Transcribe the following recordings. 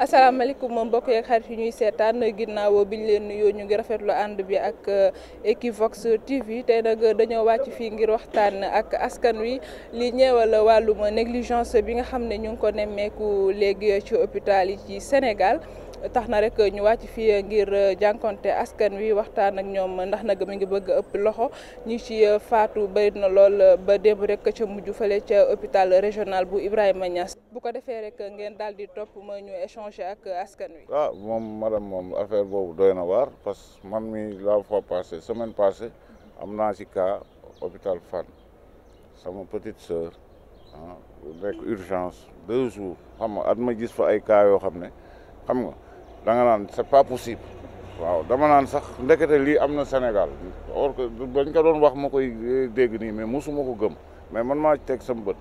asalaamaaleykum moom mbokk yeeg xarit yi ñuy seetaan ginnaaw bi ñu leen nuyoo ñu ngi rafetlu ànd bi ak eh, Equivox TV te nag dañoo wàcc fii ngir waxtaan ak askan wi li ñeewal wàllum négligence bi nga xam ne ñu ngi ko nemmeeku léegi ci hôpital yi ci Sénégal. tax na rek ñu wàcc fii ngir euh, jànkonte askan wi waxtaan ak ñoom ndax nag mi ngi bëgg ëpp loxo ñi ci euh, faatu bëri na lool euh, ba démb rek ca mujj fale ca hôpital régional bu Ibrahima Niass bu ko defee rek ngeen daal di topp ma ñu échanger ak askan wi. Ah, moom madame moom affaire boobu doy na waar parce que man mi la fois passée semaine passée am naa ci cas hôpital Fann sama petite sœur ah nekk urgence deux jours xam nga at ma gis fa ay cas yoo xam ne xam nga. da nga naan c'est pas possible waaw dama naan sax ndekete lii am na Sénégal or bañ ko doon wax ma koy dégg nii mais mosuma ko gëm mais man maa ci teg sama bët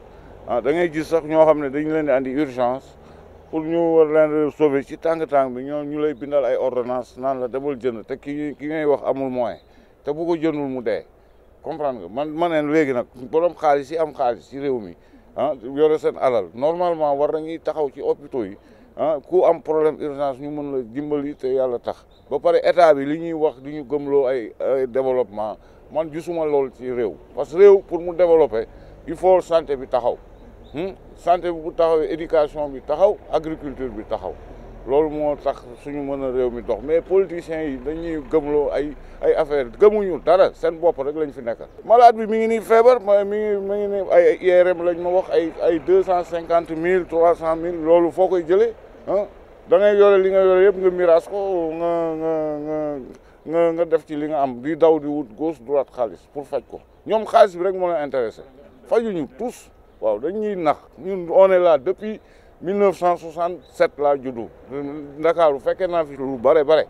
ah da ngay gis sax ñoo xam ne dañu leen di andi urgence pour ñu war leen sauver si tàng-tàng bi ñoo ñu lay bindal ay ordonnance naan la demal jënd te ki ki ngay wax amul moyen te bu ko jëndul mu dee comprendre nga man ma ne léegi nag borom xaalis yi am xaalis si réew mi ah yore seen alal normalement war nañuy taxaw ci hôpitaux yi ah ku am problème urgence ñu mën la dimbali te yàlla tax ba pare état bi li ñuy wax di ñu gëmloo ay développement man gisuma lool ci réew parce que réew pour mu développer il faut santé bi taxaw hmm? santé bi bu taxawee éducation bi taxaw agriculture bi taxaw loolu moo tax suñu mën a réew mi dox mais politiciens yi dañuy gëmloo ay ay affaire gëmuñu dara seen bopp rek lañu fi nekkal. malaat bi mi ngi nii feebar ma mi mi ngi nii ay IRM lañ ma wax ay ay deux cent cinquante mille trois cent mille loolu foo koy jëlee. ah da ngay yore li nga yore yëpp nga miraas ko nga nga nga nga def ci li nga am di daw di wut gos droite xaalis pour faj ko ñoom xaalis bi rek moo leen intéressé fajuñu tous waaw dañ ñuy nax ñun on est là depuis 1967 laa juddu Ndakaaru fekkee naa fi lu bare bare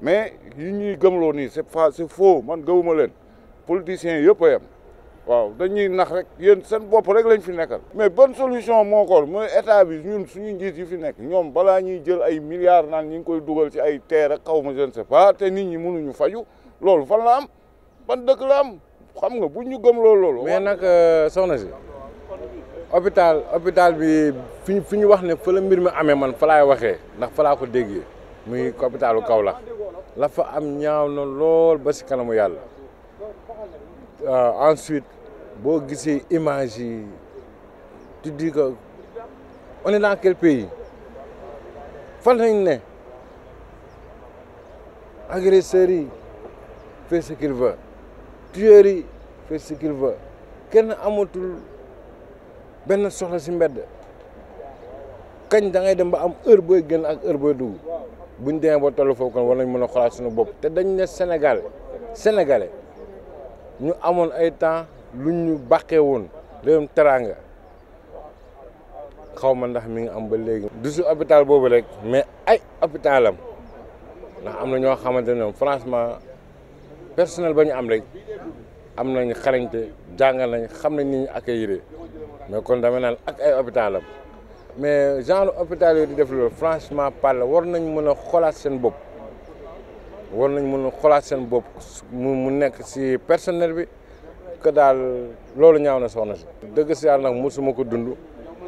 mais yi ñuy gëmloo nii c'est pas c'est faux man gëwuma leen politiciens yëpp yem waaw dañuy nax rek yéen seen bopp rek lañ fi nekkal mais bonne solution moo ko mooy état bi ñun suñu njiit yi fi nekk ñoom balaa ñuy jël ay milliards naan ñu ngi koy dugal ci ay terre ak xaw ma je ne sais pas nit ñi mënuñu faju loolu fan la am ban dëkk la am xam nga bu ñu gëm loolu loolu. mais nag euh, soxna si hôpital hôpital bi fi ñu fi wax ne fa la mbir mi amee man fa laay waxee ndax fa laa ko déggee muy hôpitalu Kaolack la fa am ñaaw na lool ba si kanamu yàlla euh, ensuite. boo gisee image yi one dis que on est dans fan lañ ne agresseurs yi fait ce qu'il veut tueurs yi fait ce qu'il veut kenn amatul benn soxla si mbedd kañ da ngay dem ba am heure booy génn ak heure booy dugg buñ demee ba tollu foofu kon war nañ mën a xoolaat suñu bopp te dañ ne Sénégal sénégalais ñu amoon ay temps lu ñu bàqee woon réewum teraanga xaw ma ndax mi ngi am ba léegi. du su hôpital boobu rek mais ay hôpitalam ndax am na ñoo xamante ne franchement personnel ba ñu am rek am nañu xarañte jàngal nañ xam nañ ni ñu accueillir mais kon dama naan ak ay hôpitalam mais genre hôpital yooyu di def loolu franchement parle war nañ mën a xoolaat seen bopp war nañ mën xoolaat seen bopp mu nekk si personnel bi. que daal loolu ñaaw na soxna si. dëgg si yàlla nag mosuma ko dund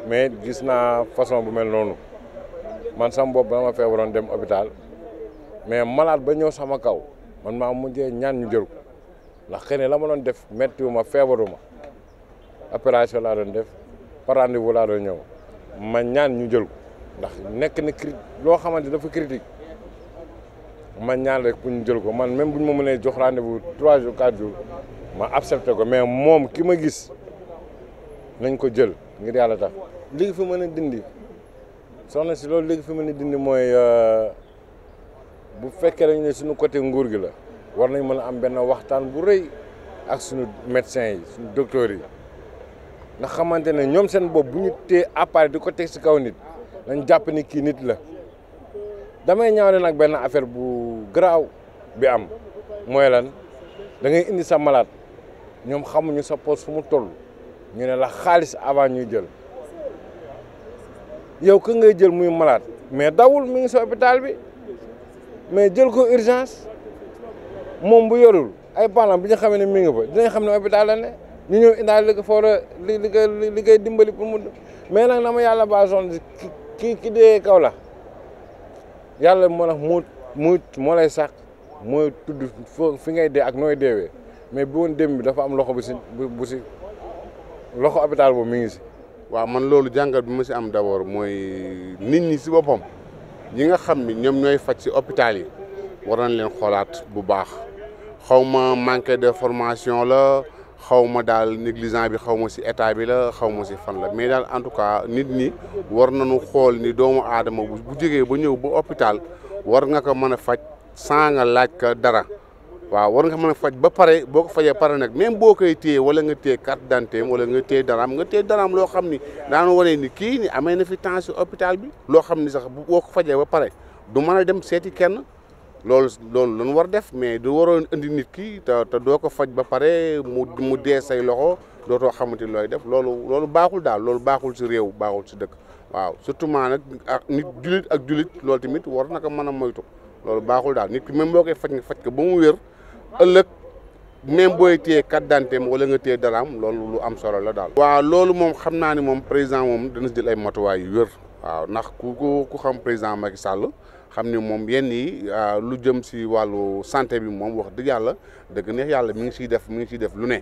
mais gis naa façon bu mel noonu man sam bopp dama feebaroon dem hôpital mais malade ba ñëw sama kaw man maa mujjee ñaan ñu jël ndax xëy na la ma doon def méttiwuma feebaruma opération laa doon def par rendez-vous laa doon ñëw ma ñaan ñu jël ndax nekk na cri loo xamante dafa critique ma ñaan rek pour ñu jël ko man même bu ñu ma mënee jox rendez-vous trois jours quatre jours. ma accepté ko mais moom ki ma gis nañ ko jël ngir yàlla tax léegi fi mën a dindi soxna si loolu léegi fi mën a dindi mooy euh, bu fekkee dañ ne suñu côté nguur gi la war nañ mën a am benn waxtaan bu rëy ak suñu médecins yi suñu docteurs yi ndax xamante ne ñoom seen bopp bu ñu téye appareil di ko teg si kaw nit nañ jàpp ni kii nit la damay ñaawle nag benn affaire bu graaw bi am mooy lan da ngay indi sa malade ñoom xamuñu sa poste fu mu toll ñu ne la xaalis avant ñuy jël yow ka ngay jël muy malaat mais dawul mi ngi sa hôpital bi mais jël ko urgence moom bu yorul ay parents bi ñu xamee ne mi ngi fa dinañ xam ne hôpital la ne ñu ñëw indaal li ko foora li li li koy dimbali pour mu mais nag na ma yàlla baa son ki ki dee kaw la yàlla moo tax moo moo moo lay sàkk mooy tudd fi ngay dee ak nooy deewee mais bu woon démb bi dafa am loxo bu si bu loxo hôpital boobu mi ngi si. waaw man loolu jàngat bi ma si am d'abord mooy nit ñi si boppam ñi nga xam ni ñoom ñooy faj si hôpital yi war na leen xoolaat bu baax xaw ma manque formation la xaw ma daal négligent bi xaw ma si état bi la xaw ma si fan la mais daal en tout cas nit ñi war nañu xool ni doomu aadama bu jógee ba ñëw ba hôpital war nga ko mën a faj sans laaj ka dara. waaw war nga mën a faj ba pare boo ko fajee pare nag même boo koy téye wala nga téye carte d'identité wala nga téye daraam nga téye daraam loo xam ni daana wane ni kii ni amee na fi temps si hôpital bi loo xam ni sax boo ko fajee ba pare du mën a dem seeti kenn loolu loolu lañu war def mais du waroon indi nit ki te doo ko faj ba pare mu mu dee say loxo dootoo xamante looy def loolu loolu baaxul daal loolu baaxul si réew baaxul si dëkk waaw surtout maa nag ak nit julit ak julit loolu tamit war na ko mën a moytu loolu baaxul daal nit ki même boo koy faj nga faj ko ba mu wér ëllëg même booy téye carte d'identité wala nga téye daraam loolu lu am solo la daal. waaw loolu moom xam naa ni moom président moom dana jël ay matuwaay yu wér. waaw ndax ku ko ku xam président mag Sall xam ni moom yenn yi ah, lu jëm si wàllu santé bi moom wax dëgg yàlla dëgg neex yàlla mi ngi siy def mu ngi siy def lu ne.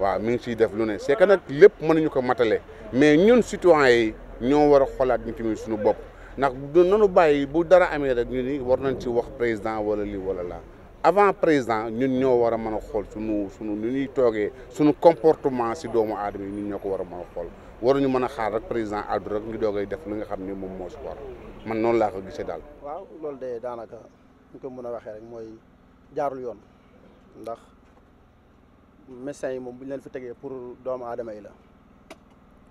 waaw mi ngi siy def lu ne c'est que nag lépp nañu ko matale mais ñun citoyens yi ñoo war a xolaat ñu tamit suñu bopp ndax du nanu bàyyi bu dara amee rek ñu war nañ ci wax président wala lii wala laa. avant président ñun ñoo war a mën a xool sunu sunu nu ñuy toogee sunu comportement si doomu aadama yi ñun ñoo ko war a mën a xool waruñu mën a xaar rek président addu rek ñu doogay def li nga xam ne moom moo si war man noonu laa ko gisee daal. waaw loolu de daanaka ñu ko mën a waxee rek mooy jaarul yoon ndax médecins moom bu ñu leen fi tegee pour doomu aadama la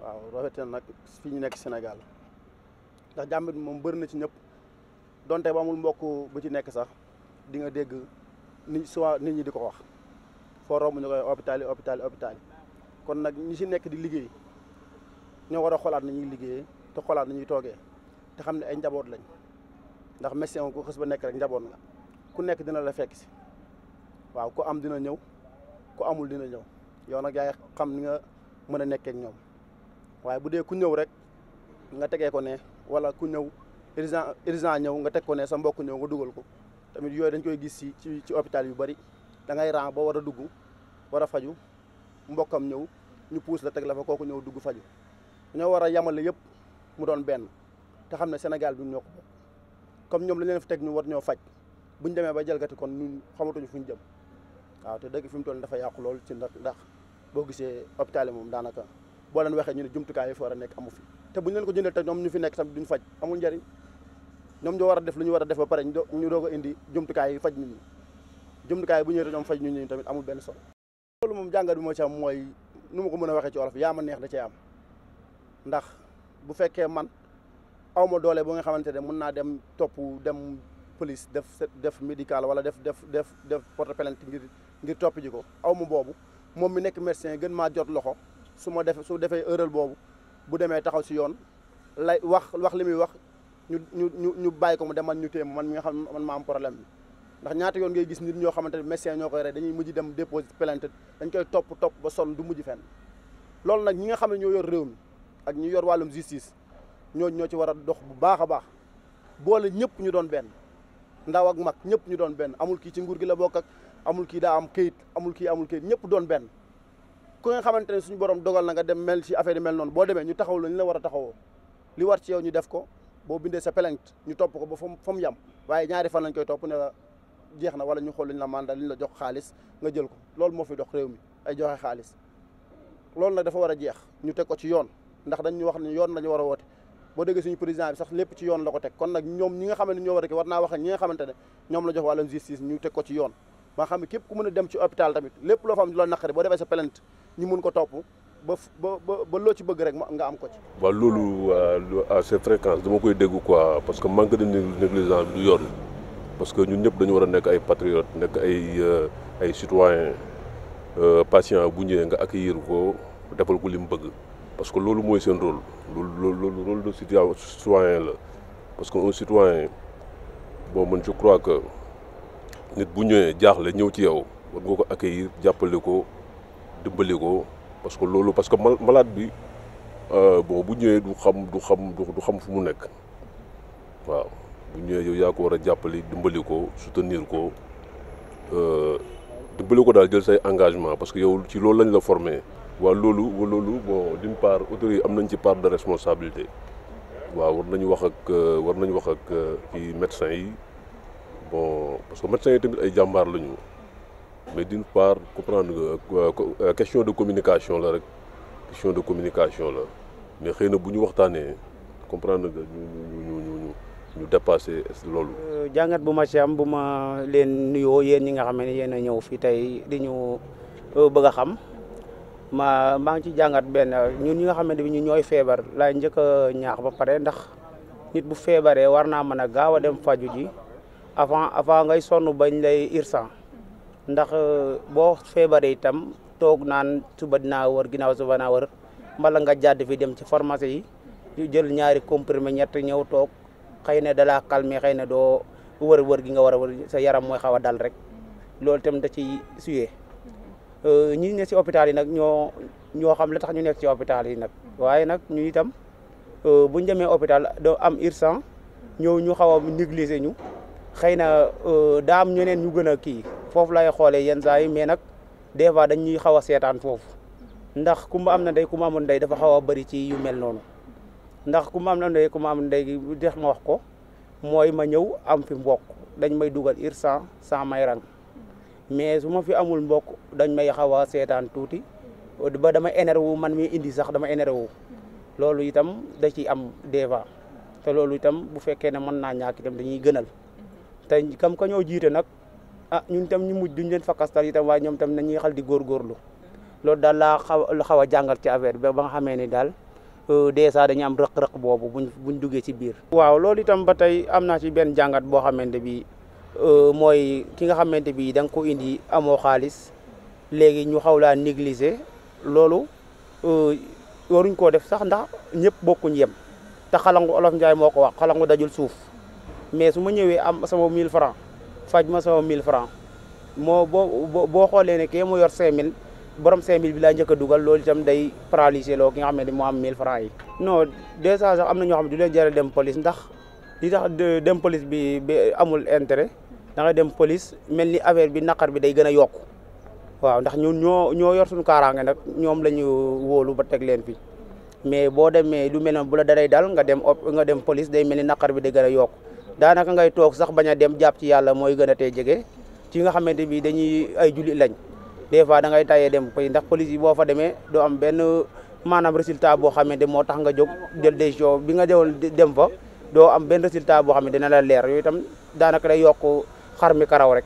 waaw rafet nag fii ñu nekk Sénégal ndax jàmbit moom bëri na ci ñëpp donte ba amul mbokk bu ci nekk sax. di nga dégg ni soit nit ñi di ko wax foo romb ñu koy hôpital yi hôpital kon nag ñi si nekk di liggéey ñoo war a xoolaat na ñuy liggéey te xoolaat na ñuy toogee te xam ne ay njaboot lañ ndax mession ku xës ba nekk rek njaboot nga ku nekk dina la fekk si waaw ku am dina ñëw ku amul dina ñëw yow nag yaay xam ni nga mën a nekkee ñoom waaye bu dee ku ñëw rek nga tegee ko ne wala ku ñëw urgent urgent ñëw nga teg ko ne sa mbokk ñëw nga dugal ko tamit yooyu dañ koy gis si ci ci hôpital yu bëri da ran ba war a dugg war a faju mbokkam ñëw ñu puus la teg la fa kooku ñëw dugg faju ñoo war a yamale yëpp mu doon benn te xam ne Sénégal bi ñoo ko comme ñoom lañ leen fi teg ñu war ñoo faj buñ demee ba jalgati kon ñun xamatuñu jëm waaw te dëgg fi mu toll dafa yàqu lool ci ndax ndax boo gisee hôpital yi moom daanaka boo leen waxee ñu ne jumtukaay yi fa war a nekk amu fi te buñ leen ko jëndee te ñoom ñu fi nekk tamit duñ faj amul njëriñ ñoom ñoo war a def lu ñu war a def ba pare ñu doog ko indi jumtukaay yi faj nu ñi jumtukaay bu ñëwee ñoom faj nit ñi tamit amul benn solo. loolu moom jàngat bi moo ci am mooy nu ma ko mën a waxee ci wolof yaa ma neex da cee am ndax bu fekkee man aw ma doole bu nga xamante ne mën naa dem topp dem police def def médical wala def def def def porte plainte ngir ngir topp ji ko aw ma boobu moom mi nekk médecin gën maa jot loxo su ma defee su defee erreur boobu bu demee taxaw si yoon muy wax. ñu ñu ñu ñu bàyyi ko mu demal ñu téye man mi nga xam man ma am problème ndax ñaata yoon ngay gis nit ñoo xamante ne médecin ñoo koy rey dañuy mujj dem déposer plainte dañ koy topp topp ba sol du mujj fen loolu nag ñi nga xam ne ñoo yor réew mi ak ñu yor wàllum justice ñooñu ñoo ci war dox bu baax a baax boole ñëpp ñu doon benn ndaw mag ñëpp ñu doon benn amul kii ci nguur gi la bokk ak amul kii daa am këyit amul kii amul këyit ñëpp doon benn ku nga xamante ne suñu borom dogal na nga dem mel ci affaire yi mel noonu boo demee ñu taxaw lañ la war a taxawoo li war ci yow ñu def ko boo bindee sa plainte ñu topp ko ba fa mu waaye ñaari fan lañ koy topp ne la jeex na wala ñu xool liñ la mandat liñ la jox xaalis nga jël ko loolu moo fi dox réew mi ay joxe xaalis loolu nag dafa war a jeex ñu teg ko ci yoon ndax dañ ñu wax ne yoon la ñu war a woote boo déggee suñu président bi sax ci yoon la ko teg kon nag ñoom ñi nga xamante ñoo war a ki war naa wax ak xamante ne ñoom la jox justice ñu teg ko ci yoon ba nga xam képp ku mën a dem ci hôpital tamit lépp loo fa am la naqari boo defee sa plainte ñu mun ko topp ba ba ba loo ci bëgg rek nga am ko ci. waaw loolu à ces fréquences dama koy dégg quoi parce que manque de négligence du yoon parce que ñun ñëpp dañu war a nekk ay patriotes nekk ay euh, ay citoyens euh, patient bu ñëwee nga accueillir ko defal ko li mu bëgg parce que loolu mooy seen rôle loolu loolu rôle de la parce que un citoyen bon man je crois que nit bu ñëwee jaaxle ñëw ci yow war nga ko accueillir jàppale ko dimbali ko. parce que loolu parce que malade bi euh, bon bu ñëwee du xam du xam du xam fu mu nekk waaw bu ñëwee yow yaa ko war a jàppale dimbali ko soutenir ko euh, dimbali ko daal jël say engagement parce que yow ci loolu lañ la formé waa loolu loolu bon d'une part autorité am nañ ci part de responsabilité waa war nañu wax ak euh, war nañu wax ak ci médecins yi bon parce que médecins yi tamit ay jàmbaar lañu. mais d'une part comprendre euh, euh, question de communication la rek question de communication la bu ñu waxtaanee comprendre que ñu ñu loolu. Euh, jàngat bu ma ci am bu ma leen nuyoo yéen ñi nga xam ne yéen a ñëw fii tey di ñu bëgg a xam ma maa ngi ci jàngat benn ñun ñi nga xam ne ñu ñooy feebar laay njëkk ñaax ba pare ndax nit bu feebaree war naa mën a gaaw a dem faju ji avant avant ngay sonn bañ lay irsan ndax euh, boo feebaree itam toog naan suba dinaa wër ginnaaw suba naa war mbala nga jàdd fi dem ci pharmacie yi ñu jël ñaari comprimé ñett ñëw toog xëy na dalaa calmé xëy na doo wër wër gi nga war a wër sa yaram mooy xaw a dal rek loolu itam da ciy suyee euh, ñi ne ci hôpital yi nag ñoo ñoo xam la tax ñu nekk si hôpital yi nag waaye nag ñu itam euh, buñ demee hôpital doo am urgence ñëw ñu xaw a négliger ñu xëy na daa am ñeneen ñu gën a kii foofu lay xoolee yenn saa yi mais nag des fois dañ ñuy xaw a seetaan foofu ndax ku am na ndey ku mu amul ndey dafa xaw a bëri ci yu mel noonu ndax ku mu am na ndey ku mu amul ndey gi ma wax ko mooy ma ñëw am fi mbokk dañ may dugal irsan sans may rang mais su ma fi amul mbokk dañ may xaw a seetaan tuuti ba dama énervé man mi indi sax dama wu loolu itam da ci am des fois te loolu itam bu fekkee ne mën naa ñàkk itam dañuy gënal te kam ko jiite nag ah ñun tam ñu mujj duñ leen fakastal itam waaye ñoom tam nañuy xal di góorgóorlu loolu daal laa xaw a xaw a jàngal ci affaire bi ba nga xamee ni daal euh, dèjà dañu am rëq-rëq boobu bu buñ duggee ci biir. waaw loolu itam ba tey am naa ci benn jàngat boo xamante bi euh, mooy ki nga xamante bi danga ko indi amoo xaalis léegi ñu xaw laa négliger loolu euh, waruñ koo def sax ndax ñëpp bokkuñ yem te xalangu olof Njaay moo ko wax xalangu dajul suuf mais su ma ñëwee am sama 1000 francs faj ma sama mille francs moo boo boo xoolee ne kii moo yor 5000 borom 5000 bi laa njëkk dugal loolu itam day paralysé loo ki nga xam moo am 1000 francs yi. non déjà sax am na ñoo xam ne du leen jaral dem police ndax li tax dem police bi amul intérêt da nga dem police mel ni affaire bi naqar bi day gën a yokk waaw ndax ñun ñoo ñoo yor suñu kaaraange nag ñoom la ñu wóolu ba teg leen fi. mais boo demee lu mel noonu bu la daray daal nga dem nga dem police day mel ni naqar bi day gën a yokku daanaka ngay toog sax bañ a dem jàpp ci yàlla mooy gën a jege ci nga xamante bi dañuy ay jullit lañ des fois da ngay tayee dem ndax police yi boo fa demee doo am benn maanaam résultat boo xamante moo tax nga jóg jël décision bi nga jëwoon dem fa doo am benn résultat boo xam ne dina la leer yooyu itam daanaka day yokk xar mi karaw rek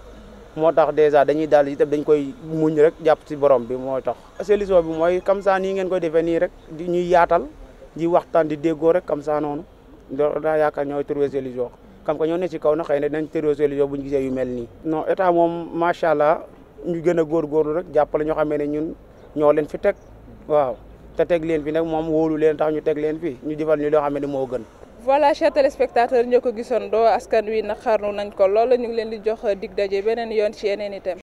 moo tax dèjà dañuy daal itam dañ koy muñ rek jàpp ci borom bi moo tax solution bi mooy comme ça nii ngeen koy defee nii rek di ñuy yaatal di waxtaan di déggoo rek comme ça noonu loolu daa yaakaar ñooy trouver solution xam nga ñoo ne ci kaw na xëy na dinañ tëroo solution bu ñu gisee yu mel nii. non état moom macha allah ñu gën a góorgóorlu rek jàppale ñoo xamee ne ñun ñoo leen fi teg waaw te teg leen fi nag moom wóolu leen tax ñu teg leen fi ñu defal ñu loo xam ne moo gën. voilà chers téléspectateurs ñoo ko gisoon do askan wi naqarlu nañ ko loolu ñu ngi leen di jox dig daje beneen yoon ci yeneen itam.